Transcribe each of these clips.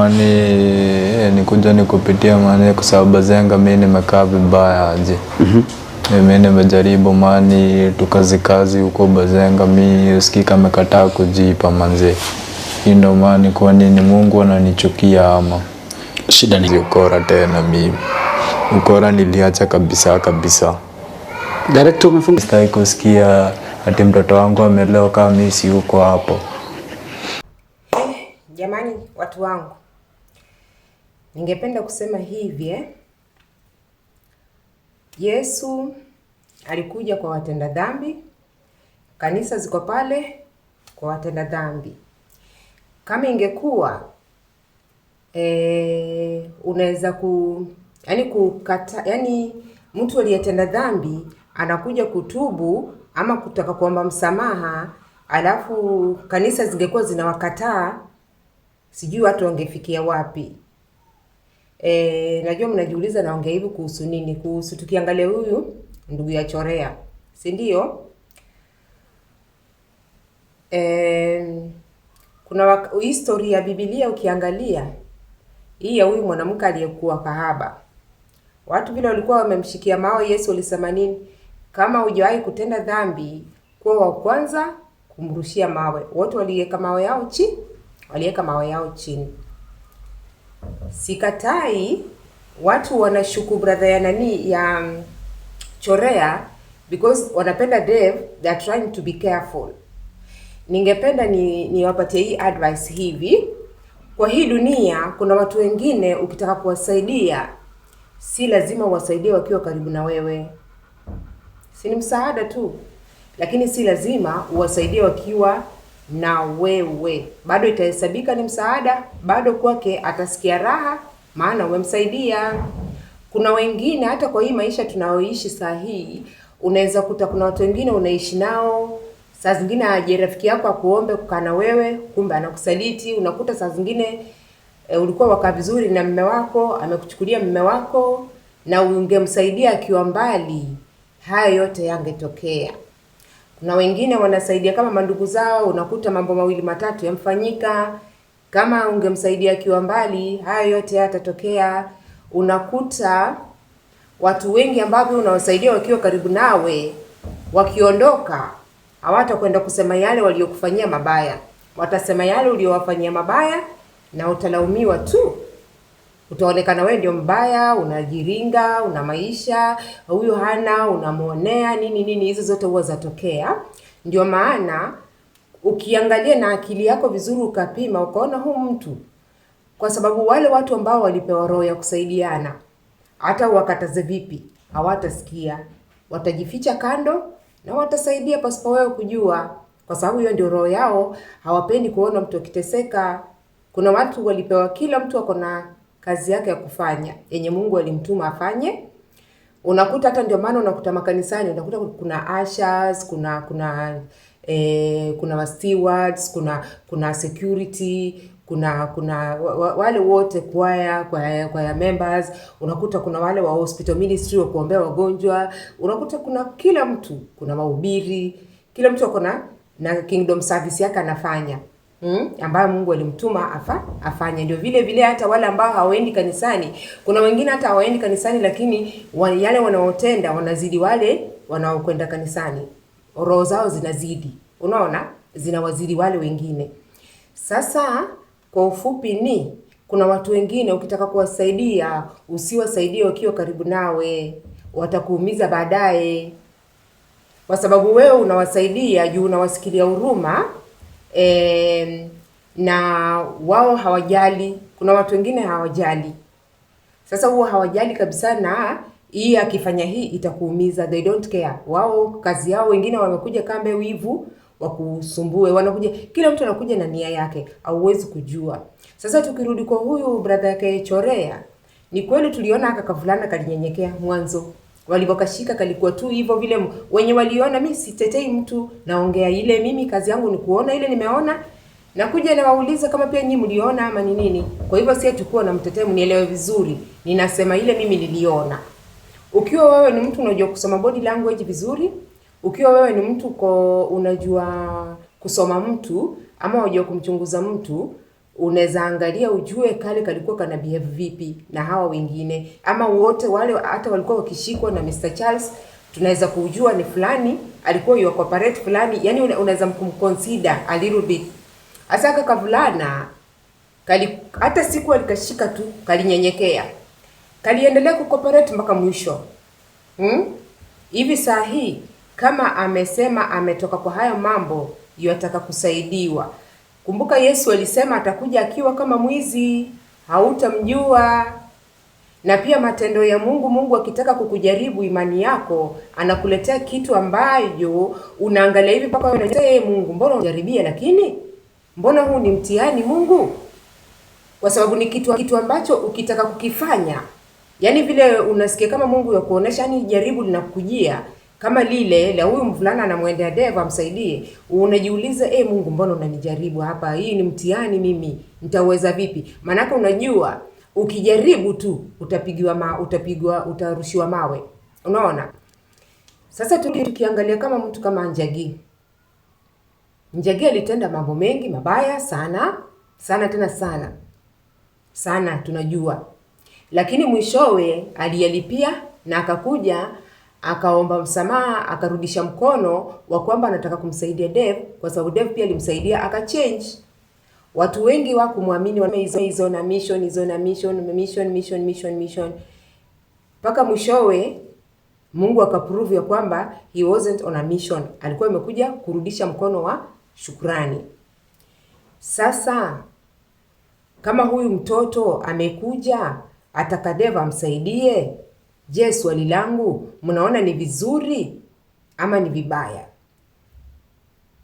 Kwani eh, nikuja nikupitia mani kwa sababu zenga mi nimekaa vibaya aje. mm -hmm. Eh, mi nimejaribu mani tukazikazi huko Bazenga, mi sikika amekataa kujipa manze, hii ndo mani. Kwa nini Mungu ananichukia ama shida ni ukora? Tena mimi ukora niliacha kabisa kabisa, direct umefunga. Sitaki kusikia ati mtoto wangu ameleo kama mimi si uko hapo. Eh, jamani watu wangu Ningependa kusema hivi eh, Yesu alikuja kwa watenda dhambi, kanisa ziko pale kwa watenda dhambi. Kama ingekuwa e, unaweza ku yani kukata yani, mtu aliyetenda dhambi anakuja kutubu ama kutaka kuomba msamaha, alafu kanisa zingekuwa zinawakataa, sijui watu wangefikia wapi. E, najua mnajiuliza naongea hivi kuhusu nini? Kuhusu tukiangalia huyu ndugu ya Chorea, si ndio? E, kuna historia ya Biblia ukiangalia hii ya huyu mwanamke aliyekuwa kahaba, watu vile walikuwa wamemshikia mawe. Yesu alisema nini? Kama hujawahi kutenda dhambi, kuwa wa kwanza kumrushia mawe. Wote waliweka mawe yao chini, waliweka mawe yao chini. Sikatai watu wanashuku brother ya nani ya mm, Chorea because wanapenda Dev, they are trying to be careful. Ningependa ni niwapatie hii advice hivi. Kwa hii dunia kuna watu wengine ukitaka kuwasaidia si lazima uwasaidie wakiwa karibu na wewe, si ni msaada tu, lakini si lazima uwasaidie wakiwa na wewe, bado itahesabika ni msaada, bado kwake atasikia raha, maana umemsaidia. Kuna wengine hata kwa hii maisha tunayoishi saa hii, unaweza kuta kuna watu wengine unaishi nao saa zingine aje rafiki yako akuombe kukaa na wewe, kumbe anakusaliti. Unakuta saa zingine e, ulikuwa wakaa vizuri na mme wako, amekuchukulia mme wako, na ungemsaidia akiwa mbali, haya yote yangetokea na wengine wanasaidia kama mandugu zao, unakuta mambo mawili matatu yamfanyika. Kama ungemsaidia akiwa mbali, hayo yote yatatokea. Unakuta watu wengi ambao unawasaidia wakiwa karibu nawe, wakiondoka hawatakwenda kusema yale waliokufanyia mabaya, watasema yale uliowafanyia mabaya, na utalaumiwa tu utaonekana wewe ndio mbaya, unajiringa, una maisha, huyu hana, unamwonea nini nini, hizo zote huwa zatokea. Ndio maana ukiangalia na akili yako vizuri, ukapima ukaona huu mtu, kwa sababu wale watu ambao walipewa roho ya kusaidiana, hata wakataze vipi, hawatasikia, watajificha kando na watasaidia pasipo wewe kujua, kwa sababu hiyo ndio roho yao. Hawapendi kuona mtu akiteseka. Kuna watu walipewa, kila mtu ako na kazi yake ya kufanya yenye Mungu alimtuma afanye. Unakuta hata ndio maana unakuta makanisani unakuta kuna ushers, kuna kuna eh, kuna stewards, kuna kuna security kuna kuna wale wote kwaya kwaya, kwaya members, unakuta kuna wale wa hospital ministry wa kuombea wagonjwa, unakuta kuna kila mtu, kuna mahubiri, kila mtu ako na kingdom service yake anafanya. Hmm, ambayo Mungu alimtuma afa afanye. Ndio vile vile hata wale ambao hawaendi kanisani, kuna wengine hata hawaendi kanisani, lakini wa, yale wanaotenda wanazidi wale wanaokwenda kanisani, roho zao zinazidi, unaona, zinawazidi wale wengine. Sasa kwa ufupi ni kuna watu wengine ukitaka kuwasaidia usiwasaidie wakiwa karibu nawe, watakuumiza baadaye, kwa sababu wewe unawasaidia juu unawasikilia huruma e, na wao hawajali. Kuna watu wengine hawajali, sasa huwa hawajali kabisa, na hii akifanya hii itakuumiza, they don't care. Wao kazi yao, wengine wamekuja kambe wivu wakusumbue, wanakuja, kila mtu anakuja na nia yake, hauwezi kujua. Sasa tukirudi kwa huyu brother yake Chorea, ni kweli tuliona aka kavulana kalinyenyekea mwanzo Walivyokashika kalikuwa tu hivyo vile, wenye waliona. Mi sitetei mtu, naongea ile, mimi kazi yangu ni kuona ile nimeona na kuja nawauliza kama pia nyinyi mliona ama ni nini. Kwa hivyo si tukuwa na mtetee, mnielewe vizuri, ninasema ile mimi niliona. Ukiwa wewe ni mtu unajua kusoma body language vizuri, ukiwa wewe ni mtu uko unajua kusoma mtu ama unajua kumchunguza mtu unaweza angalia ujue kale kalikuwa kana behave vipi na hawa wengine, ama wote wale hata walikuwa wakishikwa na Mr Charles, tunaweza kujua ni fulani alikuwa yuko kwa parade fulani, yani unaweza kumconsider a little bit. asaka kavulana kali, hata siku alikashika tu kalinyenyekea, kaliendelea kucooperate mpaka mwisho hmm? Hivi saa hii kama amesema ametoka kwa hayo mambo, yataka kusaidiwa Kumbuka Yesu alisema atakuja akiwa kama mwizi, hautamjua. Na pia matendo ya Mungu, Mungu akitaka kukujaribu imani yako, anakuletea kitu ambayo unaangalia hivi mpaka unasema, eh, Mungu, mbona unajaribia, Lakini mbona huu ni mtihani Mungu? Kwa sababu ni kitu kitu ambacho ukitaka kukifanya, yaani vile unasikia kama Mungu yakuonesha, yani jaribu linakujia kama lile la huyu mvulana anamwendea devu amsaidie, unajiuliza e, Mungu mbona unanijaribu hapa? Hii ni mtihani, mimi nitaweza vipi? Maanake unajua ukijaribu tu utapigiwa ma, utapigwa utarushiwa mawe, unaona. Sasa tukiangalia kama mtu kama Njagi, Njagi alitenda mambo mengi mabaya sana sana tena sana sana, tunajua, lakini mwishowe aliyalipia na akakuja akaomba msamaha, akarudisha mkono wa kwamba anataka kumsaidia Dev kwa sababu Dev pia alimsaidia akachange. Watu wengi wa kumwamini hizo na mission hizo na mission mission mission mission mission mpaka mwishowe Mungu akaprove ya kwamba he wasn't on a mission, alikuwa amekuja kurudisha mkono wa shukrani. Sasa kama huyu mtoto amekuja ataka Dev amsaidie Je, swali langu mnaona ni vizuri ama ni vibaya?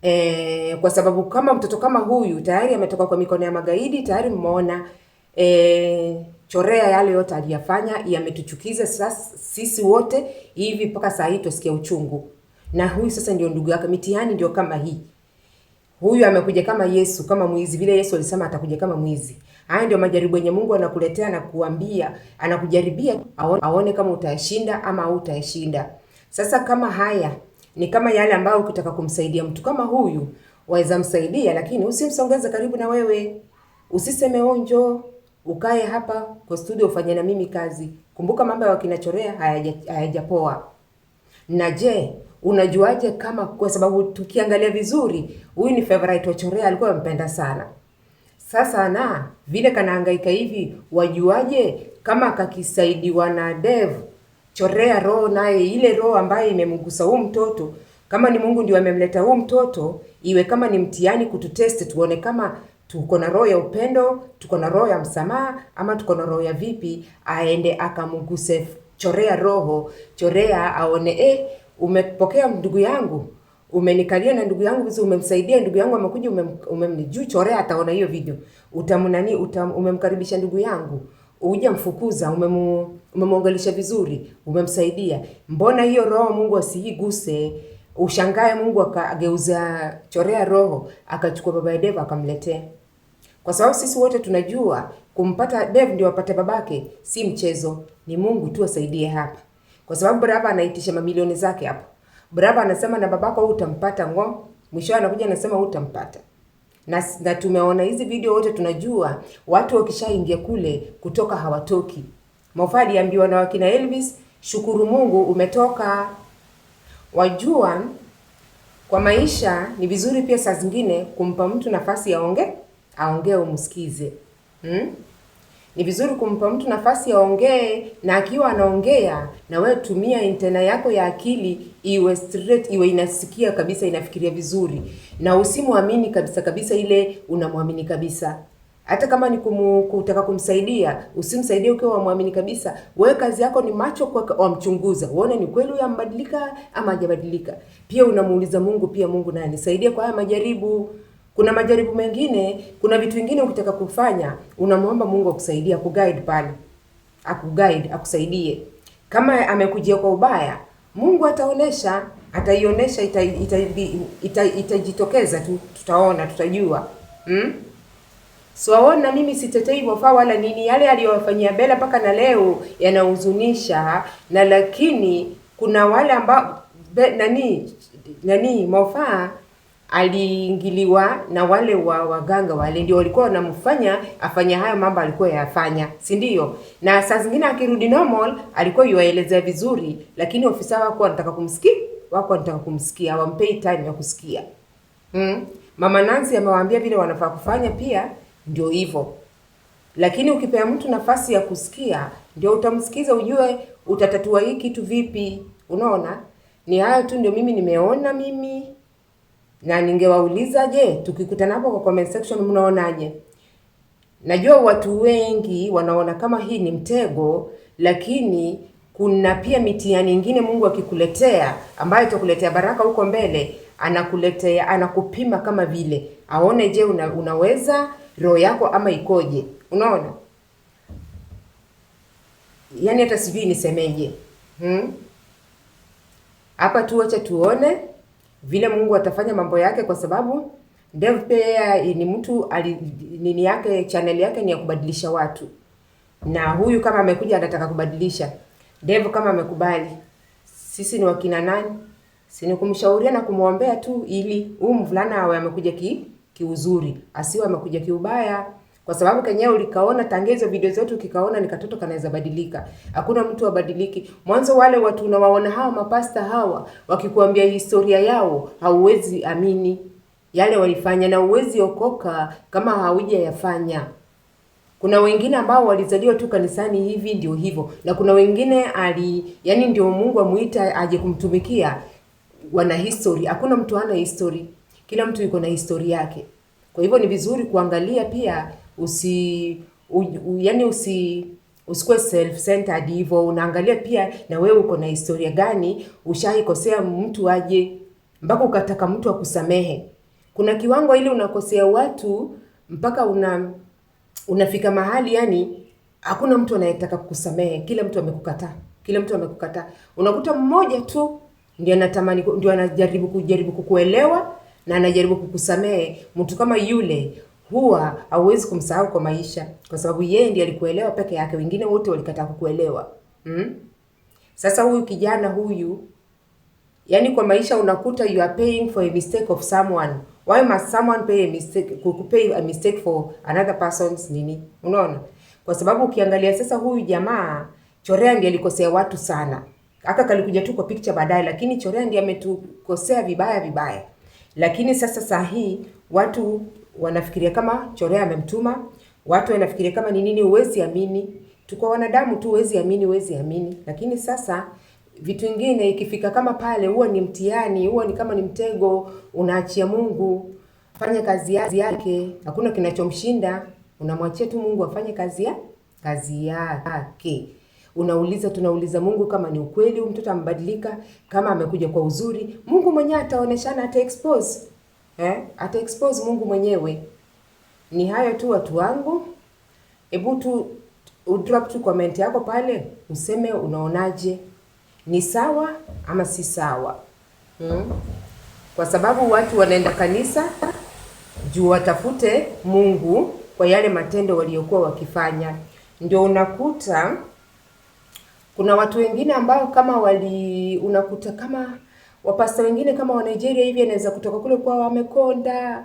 E, kwa sababu kama mtoto kama huyu tayari ametoka kwa mikono ya magaidi, tayari mmeona e, chorea yale yote aliyafanya yametuchukiza sisi wote hivi, mpaka saa hii tusikia uchungu. Na huyu sasa ndio ndugu yake, mitihani ndio kama hii huyu amekuja kama Yesu, kama mwizi vile Yesu alisema atakuja kama mwizi. Haya ndio majaribu yenye Mungu anakuletea na kuambia, anakujaribia aone kama utashinda ama hautashinda. Sasa kama haya ni kama yale ambayo ukitaka kumsaidia mtu kama huyu waweza msaidia, lakini usimsongeze karibu na wewe, usiseme onjo, ukae hapa kwa studio ufanye na mimi kazi. Kumbuka mambo ya wakinachorea hayajapoa. Na je unajuaje kama, kwa sababu tukiangalia vizuri, huyu ni favorite wa Chorea, alikuwa ampenda sana. Sasa na vile kanahangaika hivi, wajuaje kama akakisaidiwa na Dev Chorea roho naye, ile roho ambayo imemgusa huu mtoto, kama ni Mungu ndio amemleta huu mtoto, iwe kama ni mtihani kututest tuone kama tuko na roho ya upendo, tuko na roho ya msamaha, ama tuko na roho ya vipi, aende akamguse Chorea roho Chorea aone eh umepokea ndugu yangu, umenikalia na ndugu yangu vizuri, umemsaidia ndugu yangu, amekuja umem, umemnijui chorea, ataona hiyo video utamnani utam, umemkaribisha ndugu yangu uja mfukuza umemwongelesha vizuri, umemsaidia. Mbona hiyo roho Mungu asiiguse? Ushangae Mungu akageuza chorea roho akachukua baba ya dev akamletea, kwa sababu sisi wote tunajua kumpata dev ndio apate babake si mchezo, ni Mungu tu asaidie hapa. Kwa sababu Brava anaitisha mamilioni zake hapo. Brava anasema na babako wewe utampata ngo. Mwisho anakuja anasema wewe utampata. Na, na tumeona hizi video wote tunajua watu wakishaingia kule kutoka hawatoki. Mofadi ambiwa na wakina Elvis, shukuru Mungu umetoka. Wajua kwa maisha ni vizuri pia saa zingine kumpa mtu nafasi aonge, aongee umsikize. Hmm? ni vizuri kumpa mtu nafasi aongee, na akiwa anaongea na wewe tumia antena yako ya akili iwe straight, iwe inasikia kabisa, inafikiria vizuri, na usimwamini kabisa kabisa ile unamwamini kabisa hata kama ni kumu, kutaka kumsaidia usimsaidie ukiwa wamwamini kabisa. Wewe kazi yako ni macho kwa wamchunguza, uone ni kweli huyu ama hajabadilika. Pia unamuuliza Mungu, pia Mungu naye nisaidie kwa haya majaribu. Kuna majaribu mengine, kuna vitu vingine ukitaka kufanya unamwomba Mungu akusaidia kuguide pale, akuguide akusaidie. Kama amekujia kwa ubaya, Mungu ataonesha, ataionesha itajitokeza tu, tutaona, tutajua hmm? Swaona, mimi sitetei Wafaa wala nini. Yale aliyowafanyia Bela mpaka na leo yanahuzunisha, na lakini kuna wale ambao nani nani mafaa aliingiliwa na wale wa waganga wale, ndio walikuwa wanamfanya afanya hayo mambo alikuwa yafanya, si ndio? Na saa zingine akirudi normal alikuwa yuwaelezea vizuri, lakini ofisa wako anataka kumsikia, wako anataka kumsikia, hawampei time ya kusikia. hmm? Mama Nancy amewaambia vile wanafaa kufanya, pia ndio hivyo. Lakini ukipea mtu nafasi ya kusikia, ndio utamsikiza, ujue utatatua hii kitu vipi. Unaona, ni hayo tu ndio mimi nimeona mimi na ningewauliza je, tukikutanapo kwa comment section mnaonaje? Najua watu wengi wanaona kama hii ni mtego, lakini kuna pia mitihani ingine Mungu akikuletea ambayo itakuletea baraka huko mbele, anakuletea anakupima kama vile aone, je, una, unaweza roho yako ama ikoje? Unaona, yaani hata sijui nisemeje hmm? hapa hmm? tu wacha tuone vile Mungu atafanya mambo yake, kwa sababu DevPair ni mtu ali, nini yake channel yake ni ya kubadilisha watu, na huyu kama amekuja anataka kubadilisha Dev, kama amekubali, sisi ni wakina nani? Si ni kumshauria na kumwombea tu, ili huyu mvulana awe amekuja ki kiuzuri, asiwe amekuja kiubaya kwa sababu kenyewe ulikaona tangezo video zetu ukikaona ni katoto kanaweza badilika. Hakuna mtu abadiliki. Mwanzo wale watu unawaona hawa mapasta hawa wakikuambia historia yao hauwezi amini yale walifanya, na uwezi okoka kama haujayafanya. Kuna wengine ambao walizaliwa tu kanisani hivi ndio hivyo, na kuna wengine ali yani ndio Mungu amuita aje kumtumikia, wana history. Hakuna mtu ana history, kila mtu yuko na history yake. Kwa hivyo ni vizuri kuangalia pia usi u, u, yani usi usikuwe self centered hivyo, unaangalia pia na wewe uko na historia gani, ushaikosea mtu aje mpaka ukataka mtu akusamehe. Kuna kiwango ili unakosea watu mpaka una unafika mahali yani hakuna mtu anayetaka kukusamehe, kila mtu amekukataa, kila mtu amekukataa. Unakuta mmoja tu ndio anatamani, ndio anajaribu kujaribu kukuelewa na anajaribu kukusamehe. Mtu kama yule huwa hauwezi kumsahau kwa maisha, kwa sababu yeye ndiye alikuelewa peke yake, wengine wote walikataa kukuelewa hmm? Sasa huyu kijana huyu, yani kwa maisha unakuta you are paying for a mistake of someone. Why must someone pay a mistake, pay a mistake for another person's nini? Unaona, kwa sababu ukiangalia sasa huyu jamaa Chorea ndiye alikosea watu sana, aka kalikuja tu kwa picture baadaye, lakini Chorea ndiye ametukosea vibaya vibaya, lakini sasa saa hii watu wanafikiria kama chorea amemtuma, watu wanafikiria kama ni nini. Huwezi amini, tuko wanadamu tu, huwezi amini, huwezi amini. Lakini sasa vitu vingine ikifika kama pale, huwa ni mtihani, huwa ni kama ni mtego, unaachia Mungu fanye kazi yake. Hakuna kinachomshinda, unamwachia tu Mungu afanye kazi ya kazi yake. Unauliza, tunauliza Mungu kama ni ukweli huyu mtoto amebadilika, kama amekuja kwa uzuri. Mungu mwenyewe ataoneshana, ata expose eh, ata expose Mungu mwenyewe. Ni hayo tu watu wangu, hebu tu udrop tu comment yako pale useme unaonaje, ni sawa ama si sawa hmm? Kwa sababu watu wanaenda kanisa juu watafute Mungu kwa yale matendo waliokuwa wakifanya. Ndio unakuta kuna watu wengine ambao kama wali unakuta kama Wapasta wengine kama wa Nigeria hivi anaweza kutoka kule kwao amekonda,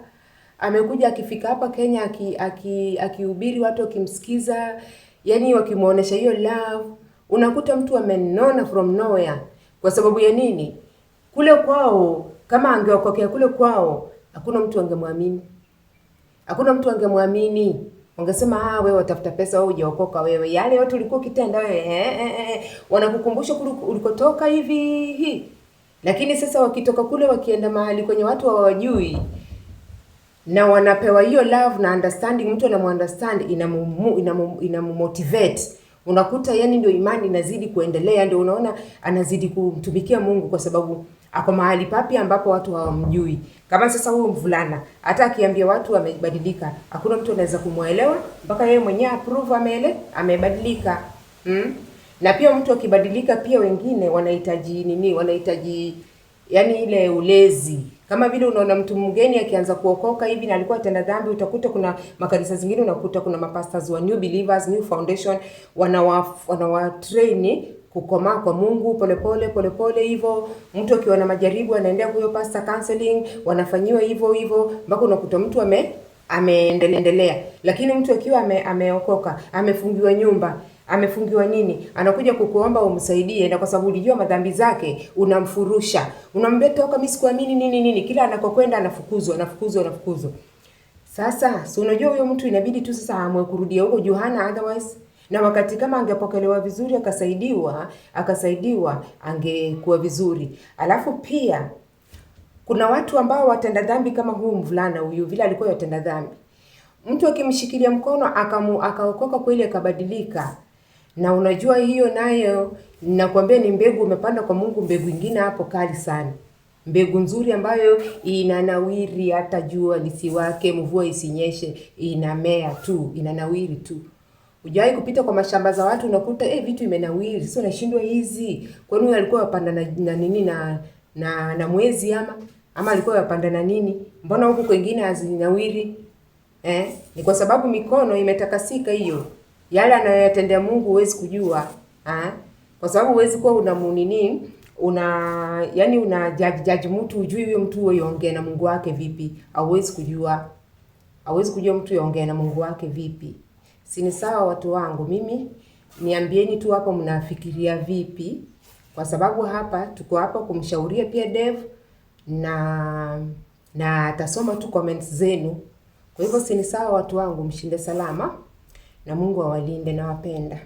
amekuja akifika hapa Kenya akihubiri aki, aki watu wakimsikiza, yani wakimwonesha hiyo love, unakuta mtu amenona from nowhere. Kwa sababu ya nini? Kule kwao kama angewakokea kule kwao, hakuna mtu angemwamini, hakuna mtu angemwamini wangesema ah, wewe watafuta pesa, wewe hujaokoka, wewe yale yote ulikuwa ukitenda wewe, eh, eh, eh, wanakukumbusha ulikotoka hivi hii lakini sasa wakitoka kule wakienda mahali kwenye watu hawawajui na wanapewa hiyo love na understanding, mtu anamu understand inamu, inamu motivate, unakuta yani ndio imani inazidi kuendelea, ndio unaona anazidi kumtumikia Mungu kwa sababu ako mahali papi ambapo watu hawamjui. Kama sasa huyo mvulana hata akiambia watu amebadilika, hakuna mtu anaweza kumwelewa mpaka yeye mwenyewe approve amele amebadilika, mm? na pia mtu akibadilika, pia wengine wanahitaji nini, wanahitaji yani ile ulezi kama vile unaona mtu mgeni akianza kuokoka hivi na alikuwa tenda dhambi, utakuta kuna makanisa zingine, unakuta kuna mapastors wa New Believers, New Foundation wanawa wanawatrain kukomaa kwa Mungu polepole polepole hivyo. Mtu akiwa na majaribu anaendea huyo pastor counseling, wanafanyiwa hivyo hivyo mpaka unakuta mtu ame ameendelea, lakini mtu akiwa ameokoka ame amefungiwa nyumba amefungiwa nini, anakuja kukuomba umsaidie, na kwa sababu ulijua madhambi zake, unamfurusha, unamwambia toka, mimi sikuamini nini nini, kila anakokwenda anafukuzwa, anafukuzwa, anafukuzwa. Sasa si unajua huyo mtu inabidi tu sasa amwe kurudia huko Johana, otherwise na wakati kama angepokelewa vizuri akasaidiwa akasaidiwa angekuwa vizuri. Alafu pia kuna watu ambao watenda dhambi kama huyu mvulana huyu, vile alikuwa yatenda dhambi, mtu akimshikilia mkono akamu akaokoka kweli akabadilika, na unajua hiyo nayo nakwambia ni mbegu umepanda kwa Mungu, mbegu ingine hapo kali sana, mbegu nzuri ambayo inanawiri hata jua lisiwake, mvua isinyeshe, inamea tu, inanawiri tu. Hujawahi kupita kwa mashamba za watu unakuta eh, vitu imenawiri, sio nashindwa hizi. Kwani alikuwa yapanda na, na nini na na, na mwezi ama ama alikuwa yapanda na nini? Mbona huku kwingine hazinawiri? Eh, ni kwa sababu mikono imetakasika hiyo yale anayoyatendea Mungu huwezi kujua ha? Kwa sababu huwezi kuwa una munini una yani una judge judge mtu ujui huyo mtu huyo yongea na Mungu wake vipi? Hauwezi kujua, hauwezi kujua mtu yongea na Mungu wake vipi. Si ni sawa, watu wangu? Mimi niambieni tu hapo mnafikiria vipi, kwa sababu hapa tuko hapa kumshauria pia Dev na na atasoma tu comments zenu. Kwa hivyo si ni sawa, watu wangu? Mshinde salama na Mungu awalinde nawapenda.